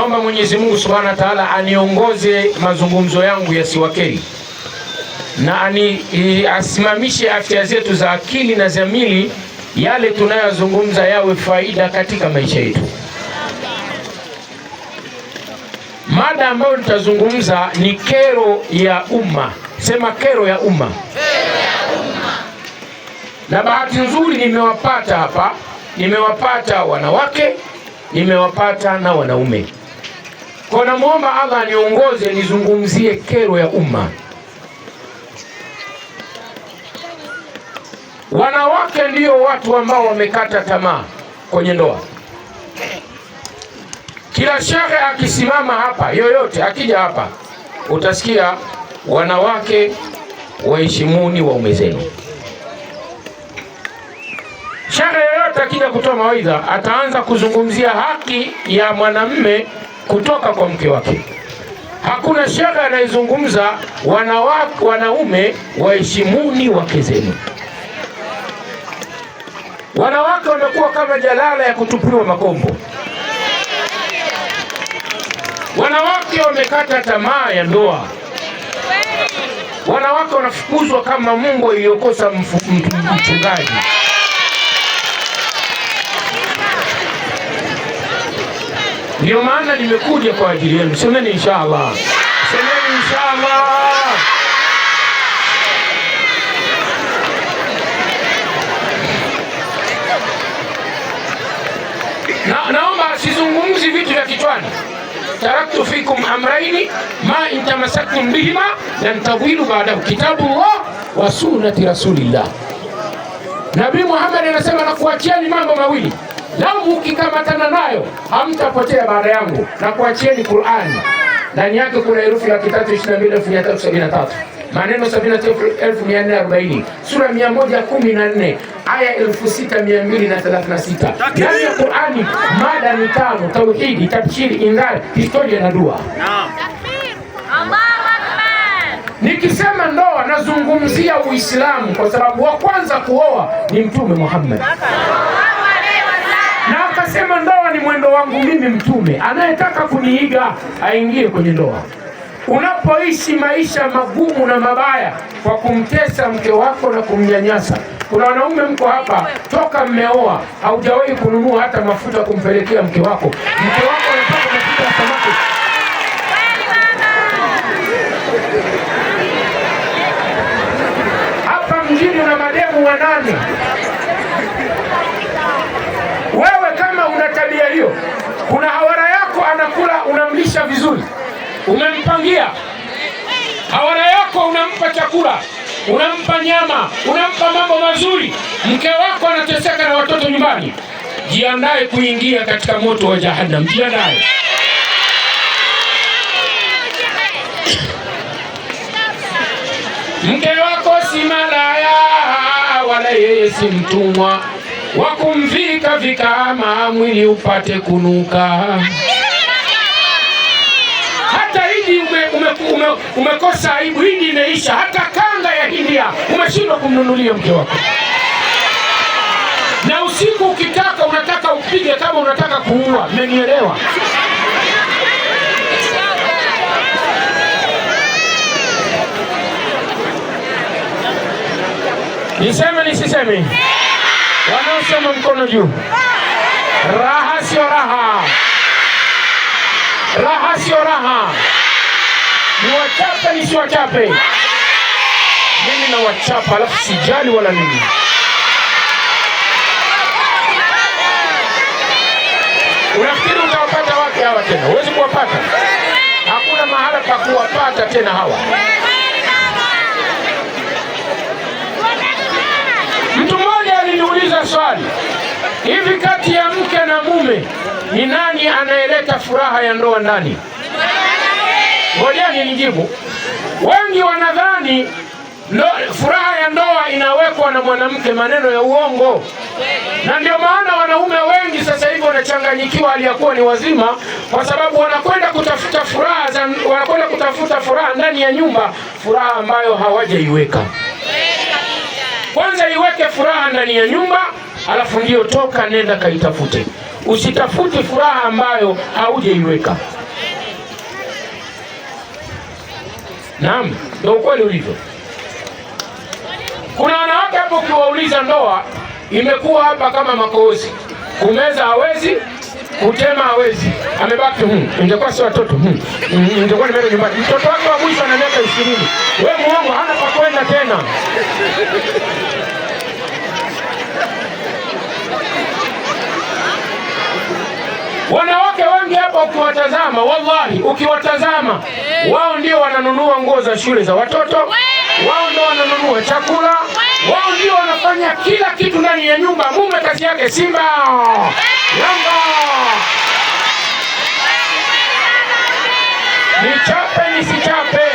Naomba Mwenyezi Mungu Subhanahu wa Ta'ala aniongoze mazungumzo yangu yasiwakeri na ani, asimamishe afya zetu za akili na za mili, yale tunayozungumza yawe faida katika maisha yetu. Mada ambayo nitazungumza ni kero ya umma. Sema kero ya umma. Na bahati nzuri nimewapata hapa, nimewapata wanawake, nimewapata na wanaume. Kwa namwomba Allah aniongoze nizungumzie kero ya umma. Wanawake ndio watu ambao wamekata tamaa kwenye ndoa. Kila shekhe akisimama hapa, yoyote akija hapa, utasikia wanawake, waheshimuni waume zenu. Shekhe yoyote akija kutoa mawaidha, ataanza kuzungumzia haki ya mwanamme kutoka kwa mke wake. Hakuna shaka anayezungumza wanawake, wanaume waheshimuni wake zenu. Wanawake wamekuwa kama jalala ya kutupiwa makombo. Wanawake wamekata tamaa ya ndoa. Wanawake wanafukuzwa kama mungo iliyokosa mchungaji. Ndio maana nimekuja kwa ajili yenu. Semeni inshallah, semeni inshallah. Na, naomba sizungumzi vitu vya kichwani. Taraktu fikum amraini ma in bihima lan tadhillu ba'dahu kitabullah wa sunnati rasulillah. Nabii Muhammad anasema nakuachieni mambo mawili Lamu ukikamatana nayo hamtapotea baada yangu, na kuachieni Qur'ani. Ndani yake kuna herufi laki tatu ishirini na mbili elfu mia tatu sabini na tatu maneno sabini na tatu elfu mia nne arobaini sura mia moja kumi na nne aya elfu sita mia mbili na thelathini na sita Ndani ya Qur'ani mada ni tano: tauhidi, tafsiri, indhari, historia na dua. Nikisema ndoa nazungumzia Uislamu kwa sababu wa kwanza kuoa ni Mtume Muhammad Anasema ndoa ni mwendo wangu mimi mtume, anayetaka kuniiga aingie kwenye ndoa. Unapoishi maisha magumu na mabaya kwa kumtesa mke wako na kumnyanyasa. Kuna wanaume mko hapa, toka mmeoa haujawahi kununua hata mafuta kumpelekea mke wako. Mke wako anataka mafuta ya samaki. Hapa mjini na mademu wanane Kuna hawara yako anakula, unamlisha vizuri, umempangia hawara yako, unampa chakula, unampa nyama, unampa mambo mazuri. Mke wako anateseka na watoto nyumbani, jiandaye kuingia katika moto wa Jahannam, jiandaye Mke wako si malaya wala yeye si mtumwa wakumvika vikama mwili upate kunuka. Hata hindi umekosa ume, ume, aibu, hindi imeisha. Hata kanga ya hindia umeshindwa kumnunulia mke wako, na usiku ukitaka unataka upige kama unataka kuua. Mmenielewa? Niseme nisiseme? wanaosema mkono juu. Raha sio raha, raha sio raha. Niwachape wachape. Mimi nawachapa, alafu sijali wala nini. Unafikiri utawapata wake hawa tena? Huwezi kuwapata, hakuna mahala pa kuwapata tena hawa. Vipi kati ya mke na mume, ni nani anayeleta furaha ya ndoa ndani? Ngojeni nijibu. Wengi wanadhani furaha ya ndoa inawekwa na mwanamke. Maneno ya uongo, na ndio maana wanaume wengi sasa hivi wanachanganyikiwa hali ya kuwa ni wazima, kwa sababu wanakwenda kutafuta furaha za, wanakwenda kutafuta furaha ndani ya nyumba, furaha ambayo hawajaiweka. Kwanza iweke furaha ndani ya nyumba alafu toka nenda kaitafute. Usitafute furaha ambayo haujaiweka. Naam, ndio ukweli ulivyo. Kuna wanawake hapo, ukiwauliza ndoa imekuwa hapa kama makozi, kumeza hawezi kutema hawezi, amebaki hmm. Ingekuwa si watoto hmm, hmm. Ingekuwa nimeenda nyumbani. Mtoto wake wa mwisho ana miaka ishirini. We muongo, hana pa kwenda tena. Wanawake wengi hapa ukiwatazama, wallahi, ukiwatazama wao ndio wananunua nguo za shule za watoto, wao ndio wananunua chakula, wao ndio wanafanya kila kitu ndani ya nyumba. Mume kazi yake Simba, Yanga. Nichape nisichape,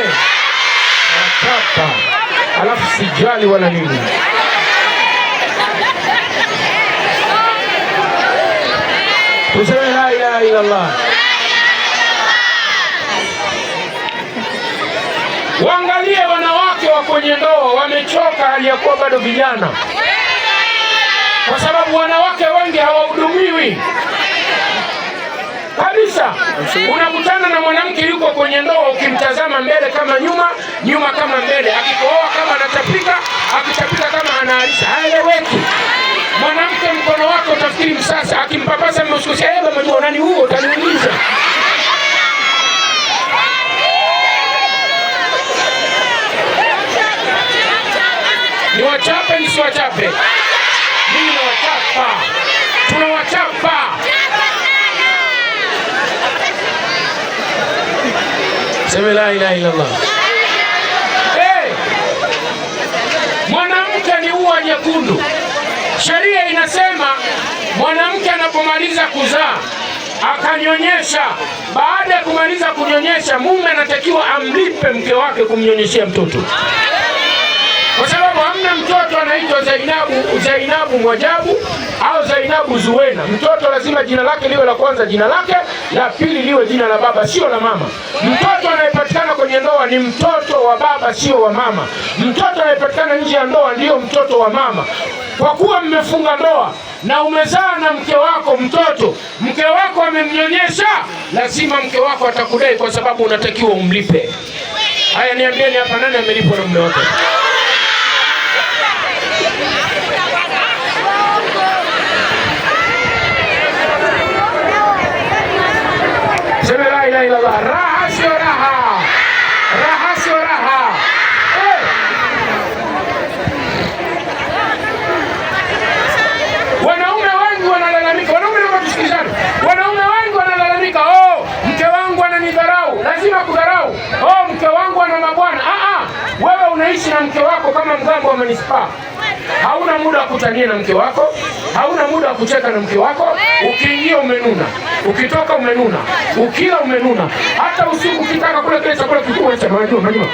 nachapa alafu sijali wala nini. Tuseme wangalie Waangalie wanawake wa kwenye ndoa wamechoka, aliyakuwa bado vijana, kwa sababu wanawake wengi hawahudumiwi kabisa. Unakutana na mwanamke yuko kwenye ndoa, ukimtazama mbele kama nyuma, nyuma kama mbele, akikooa kama anatapika, akichapika kama anaarisha, haeleweki mwanamke mkono wako utafikiri msasa, akimpapasa mmeshukusia eba mjua nani huo, utaniuliza ni ni wachape niwachape nisiwachape? Mimi tuna wachapa Sema la ilaha illallah. Hey, mwanamke ni ua nyekundu Sheria inasema mwanamke anapomaliza kuzaa akanyonyesha, baada ya kumaliza kunyonyesha, mume anatakiwa amlipe mke wake kumnyonyeshea mtoto, kwa sababu hamna mtoto anaitwa Zainabu, Zainabu Mwajabu au Zainabu Zuwena. Mtoto lazima jina lake liwe la kwanza, jina lake la pili liwe jina la baba, sio la mama. Mtoto anayepatikana kwenye ndoa ni mtoto wa baba, sio wa mama. Mtoto anayepatikana nje ya ndoa ndiyo mtoto wa mama kwa kuwa mmefunga ndoa na umezaa na mke wako mtoto, mke wako amemnyonyesha, lazima mke wako atakudai, kwa sababu unatakiwa umlipe. Haya, niambieni hapa, nani amelipwa na mume wake? Sema la ilaha illallah. Raha sio raha kama mgambo wa manispaa hauna muda wa kutania na mke wako, hauna muda wa kucheka na mke wako. Ukiingia umenuna, ukitoka umenuna, ukila umenuna, hata usiku ukitaka kula kile chakula kikubwa cha majiwa majiwa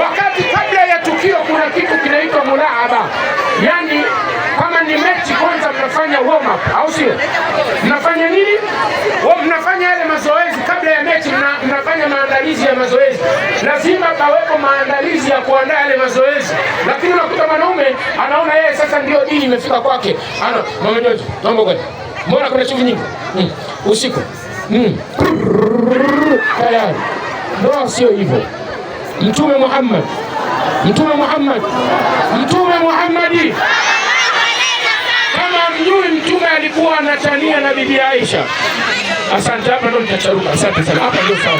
Wakati kabla ya tukio kuna kitu kinaitwa mulaaba, yani kama ni mechi kwanza mnafanya warm up, au sio? Mnafanya nini? Mnafanya ya mazoezi, lazima pawepo maandalizi ya kuandaa yale mazoezi. Lakini unakuta mwanaume anaona yeye sasa ndio dini imefika kwake, ana mama Jojo, naomba kwenda, mbona kuna shughuli nyingi mm. usiku mm. tayari. Ndoa sio hivyo. Mtume Muhammad, Mtume Muhammad, Mtume Muhammadi Mjui mtume alikuwa anatania na bibi Aisha. Asante, hapa ndo nitacharuka. Asante sana, hapa ndio sawa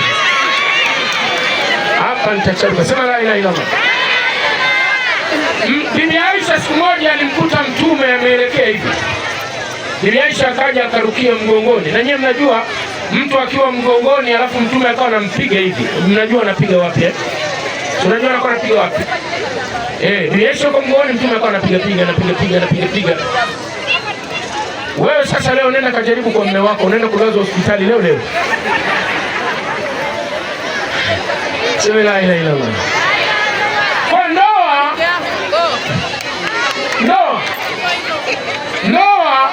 hapa nitachagua. Sema la ilaha illa Allah. Bibi Aisha siku moja alimkuta mtume ameelekea hivi. Bibi Aisha akaja akarukia mgongoni, na nyewe mnajua mtu akiwa mgongoni alafu mtume akawa anampiga hivi, mnajua anapiga wapi eh? Unajua anakuwa anapiga wapi eh? Bibi Aisha kwa mgongoni, mtume akawa anapiga piga anapiga piga anapiga piga. Wewe sasa leo nenda kajaribu kwa mume wako, nenda kulazwa hospitali leo leo. Sema la Kwa ndoa, ndoa, ndoa,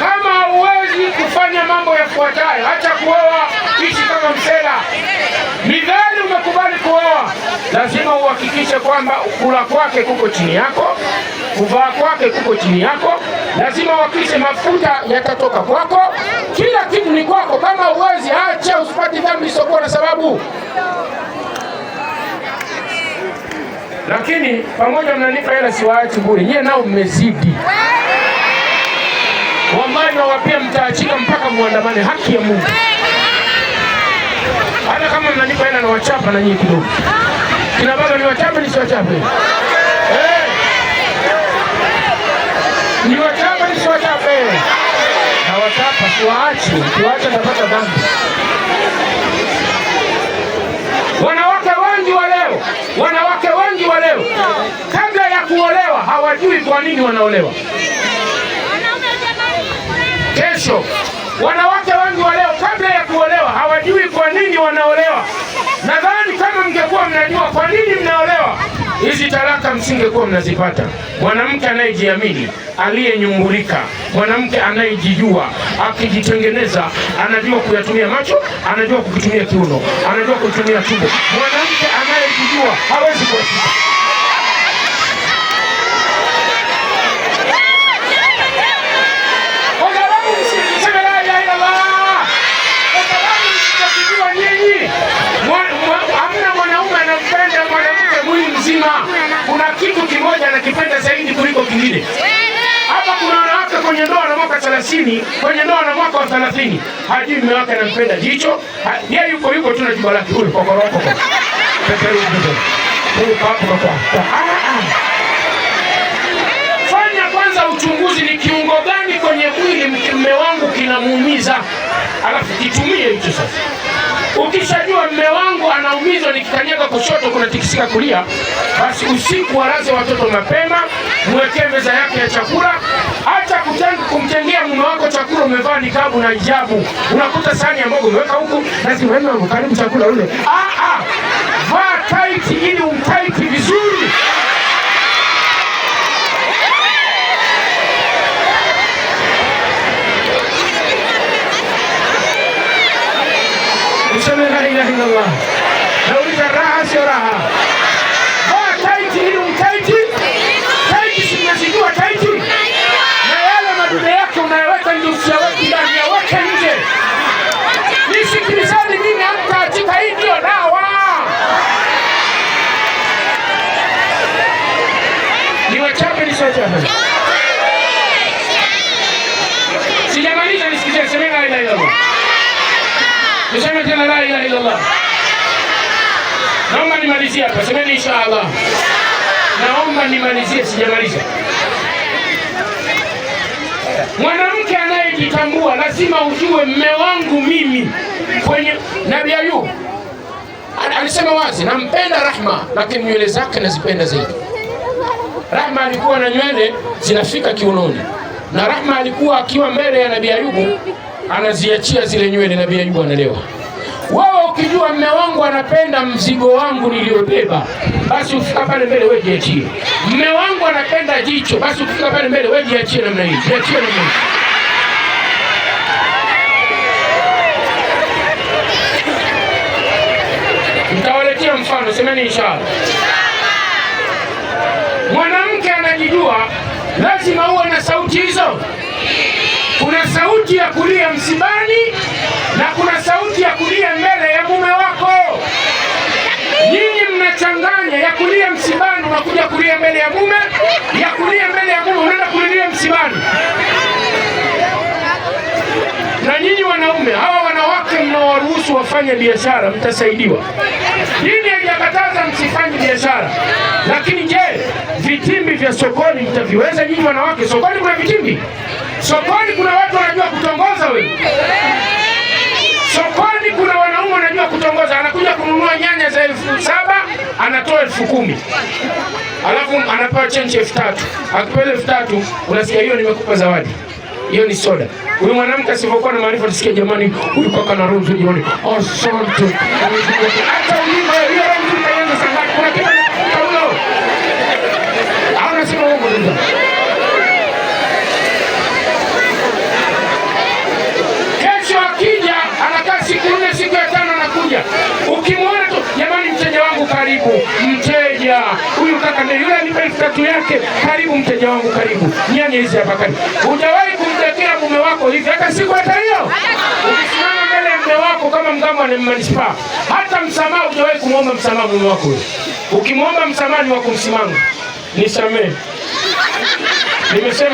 kama huwezi kufanya mambo yafuatayo, acha kuoa, ishi kama msela. Ni dhani umekubali kuoa, lazima uhakikishe kwamba kula kwake kuko chini yako, kuvaa kwake kuko chini yako, lazima uhakikishe mafuta yatatoka kwako kila kitu ni kwako. Kama uwezi, acha usipati dhambi isiyokuwa na sababu. Lakini pamoja mnanipa hela, siwaachi bure. Nyie nao mmezidi wamani na wapia mtaachika mpaka muandamane haki ya Mungu. Hata kama mnanipa hela, na wachapa na nyie kidogo. Kina baba ni wachape, nisiwachape? Eh? tuwaache, tuwaache atapata dhambi. Wanawake wengi wa leo, wanawake wengi wa leo kabla ya kuolewa hawajui kwa nini wanaolewa. Kesho wanawake wengi wa leo kabla ya kuolewa hawajui kwa nini wanaolewa. Nadhani kama mngekuwa mnajua kwa nini mnaolewa, hizi talaka msingekuwa mnazipata. Mwanamke anayejiamini aliyenyumbulika, mwanamke anayejijua, akijitengeneza, anajua kuyatumia macho, anajua kukitumia kiuno, anajua kutumia tumbo. Mwanamke anayejijua hawezi kuaia Kuna kitu kimoja anakipenda zaidi kuliko kingine. Hapa kuna wanawake kwenye ndoa na mwaka 30, kwenye ndoa na mwaka wa 30, hajui mume wake anampenda jicho, yeye yuko yuko tu na jumba lake huko kokoroko. Ah, ah, ah. Fanya kwanza uchunguzi, ni kiungo gani kwenye mwili mume wangu kinamuumiza, alafu kitumie hicho sasa. Ukishajua mume wangu anaumizwa, nikikanyaga kushoto kuna tikisika kulia, basi usiku walaze watoto mapema mwekee meza yake ya chakula. Hata kumtengea mume wako chakula, umevaa nikabu na hijabu, unakuta sahani ya mboga umeweka huku, lazima karibu chakula ule. Ah, ah, vaa taiti ili umtaiti vizuri. Useme la ilaha illallah. Semeni la ilaha illallah. Naomba nimalizie hapa, semeni inshaallah. Naomba nimalizie, sijamaliza. Mwanamke anayejitambua lazima ujue, mme wangu mimi kwenye Nabii Ayubu alisema wazi, nampenda Rahma lakini nywele zake nazipenda zaidi. Rahma alikuwa na nywele zinafika kiunoni, na Rahma alikuwa akiwa mbele ya Nabii Ayubu anaziachia zile nywele, Nabii Ayubu analewa ukijua mme wangu anapenda mzigo wangu niliyobeba, basi ufika pale mbele wewe jiachie. Mme wangu anapenda jicho, basi ukifika pale mbele wewe jiachie namna hii, jiachie namna hii. Nitawaletea mfano, semeni inshallah. Mwanamke anajijua, lazima uwe na sauti hizo. Kuna sauti ya kulia msibani ya mume, ya kulia mbele ya mume, unaenda kulilia msibani. Na nyinyi wanaume, hawa wanawake mnawaruhusu wafanye biashara, mtasaidiwa. Dini haijakataza msifanye biashara, lakini je, vitimbi vya sokoni mtaviweza nyinyi wanawake? Sokoni kuna vitimbi, sokoni kuna watu wanajua kutongoza wewe elfu kumi alafu anapewa chenji elfu tatu akipewa elfu tatu unasikia hiyo nimekupa zawadi hiyo ni soda. Huyu mwanamke asivyokuwa na maarifa, tusikia jamani, huyu kaka na roho jioni. Asante. matatu yake, karibu mteja wangu, karibu nyanya hizi hapa, karibu. Hujawahi kumtetea mume wako hivi hata siku hata hiyo? Ukisimama mbele ya mume wako kama mgambo na manispaa, hata msamaha hujawahi kumwomba msamaha mume wako. Ukimwomba msamaha ni wa kumsimama, nisamee, nimesema.